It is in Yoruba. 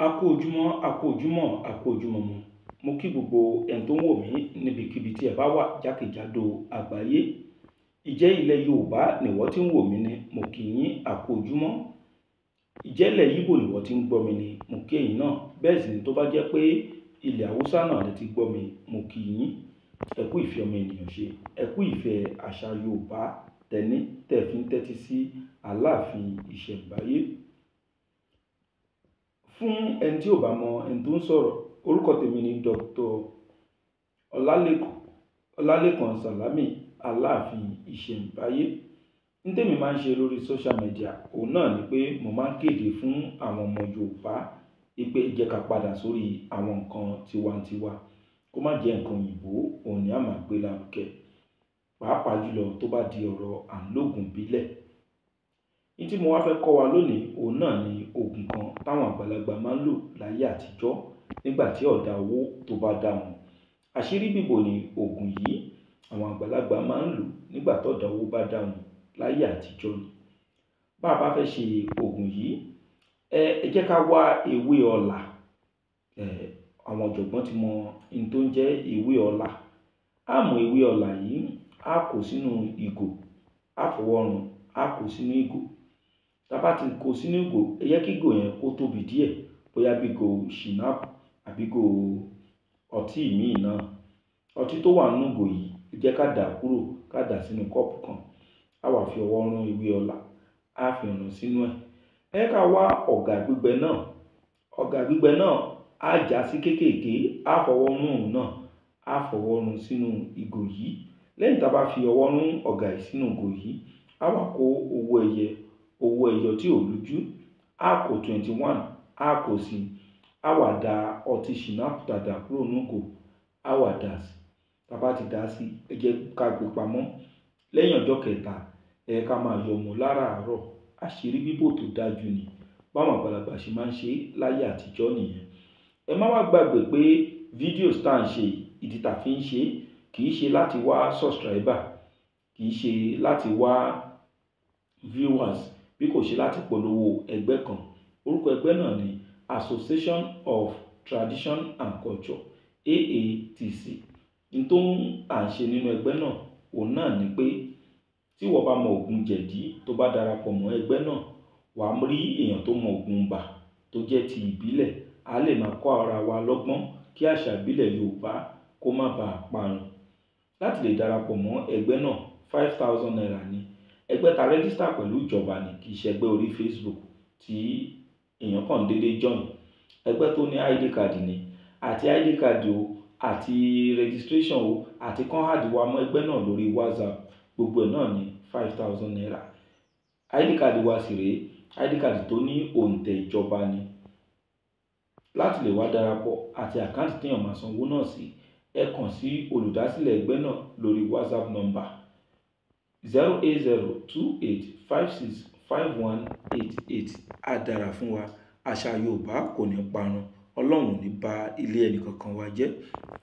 a kú ojúmọ́ a kú ojúmọ́ a kú ojúmọ́ mu mo kí gbogbo ẹni tó ń wò mí níbikíbi tí ẹ bá wà jákèjádò àgbáyé ìjẹ́ ilẹ̀ yorùbá nìwọ tí ń wò mí ni mo kí yín a kú ojúmọ́ ìjẹ́ ilẹ̀ yíbò nìwọ tí ń gbọ́ mi ni mo kí ẹ̀yin náà bẹ́ẹ̀ sì ni tó bá jẹ́ pé ilẹ̀ haúsá náà lè ti gbọ́ mi mo kí yín ẹ ìfẹ́ ọmọ ènìyàn ṣe ẹ ìfẹ́ àṣà yorùbá tẹni tẹ̀ fi ń tẹ́tí sí aláàfin ìṣẹ̀ǹbáyé fún ẹni tí ò bá mọ ẹni tó ń sọ̀rọ̀ orúkọ tèmi ni Dr. ọlálẹ́kùn ọlálẹ́kùn aláàfin ìṣẹ̀ǹbáyé ní tèmi máa ń ṣe lórí social media òun náà ni pé mo máa ń kéde fún àwọn ọmọ Yorùbá ipe ìjẹ́ka padà sórí àwọn nǹkan tiwantiwa kó má jẹ́ nǹkan òyìnbó òun ni a máa gbé lárugẹ pàápàá jùlọ tó bá di ọ̀rọ̀ à ń lògùn bílẹ̀ ní tí mo wá fẹ́ kọ́ wa lónìí òun náà ni oògùn kan táwọn àgbàlagbà máa ń lò láyé àtijọ́ nígbà tí ọ̀dà owó tó bá dá wọn àṣírí bìbò ni oògùn yìí àwọn àgbàlagbà máa ń lò nígbà tọ́dà owó bá dá wọn láyé àtijọ́ ni bá a bá fẹ́ ṣe oògùn yìí ẹ jẹ́ ká wá ewé ọ̀là àwọn ọ̀jọ̀gbọ́n ti mọ ohun tó ń jẹ́ ewé ọ̀là á mú ewé ọ̀là yìí á kó sínú ìgò á fọwọ́ run á kó sínú ìgò tábà ti kó sínú ìgò ẹ yẹ kí ìgò yẹn kó tóbi díẹ̀ bóyá bí ìgò ṣìnáàpù àbí ìgò ọtí míì náà ọtí tó wà nínú ìgò yìí ẹ jẹ́ ká dà á kúrò ká dà á sínú kọ́ọ̀pù kan á wà fi ọwọ́ rán ewé ọlá á fi ràn sínú ẹ̀ ẹ ká wá ọ̀gà gbígbẹ náà ọ̀gà gbígbẹ náà á já sí kéékèèké á fọwọ́ rún òun náà á fọwọ́ rún sínú ìgò yìí lẹ́yìn tá a bá fi ọwọ́ rún ọ̀gà yìí sínú ìgò yìí á wá kó owó ẹyẹ owó ẹyọ tí ò lójú a kò twenty one a kò sí àwàdà ọtí ṣìnà dàdà kúrò nùkò àwàdà sí tàbá ti dà sí ẹ jẹ́ ká gbé pamọ́ lẹ́yìn ọjọ́ kẹta ẹ ká máa yọ ọmọ láràárọ̀ àṣírí bíbò tó dájú ni báwọn àgbàlagbà ṣe máa ń ṣe láyé àtijọ́ nìyẹn ẹ má wá gbàgbé pé fídíò tá à ń ṣe ìdí tá fi ń ṣe kì í ṣe láti wá subscriber kì í ṣe láti wá viewers bí kò ṣe láti polówó ẹgbẹ́ kan orúkọ ẹgbẹ́ náà ni Association of Tradition and Culture AATC n tó ń à ń ṣe nínú ẹgbẹ́ náà òun náà ni pé tí wọ́n bá mọ ògùn jẹ̀dí tó bá darapọ̀ mọ́ ẹgbẹ́ náà wà á rí èèyàn tó mọ ògùn bà tó jẹ́ ti ìbílẹ̀ a lè máa kọ́ ara wa lọ́gbọ́n kí àṣà ìbílẹ̀ Yorùbá kó má bàa parun láti lè darapọ̀ mọ́ ẹgbẹ́ náà five thousand naira ni ẹgbẹ́ ta rẹ́gísítà pẹ̀lú ìjọba ni kì í ṣẹgbẹ́ orí Facebook tí èèyàn kàn déédéé join ẹgbẹ́ tó ní id card ni àti id card o àti registration o àti kan wa mọ́ ẹgbẹ́ náà lórí WhatsApp gbogbo ẹ̀ náà ní five thousand naira id card wa sì rèé id card tó ní òǹtẹ̀ ìjọba ni láti lè wá darapọ̀ àti àkáǹtì téèyàn máa sanwó náà sí ẹ kàn sí olùdásílẹ̀ ẹgbẹ́ náà lórí WhatsApp number zero eight zero two eight five six five one eight eight á dára fún wa àṣà yorùbá kò ní parun ọlọ́run ní ba ilé ẹnì kankan wa jẹ́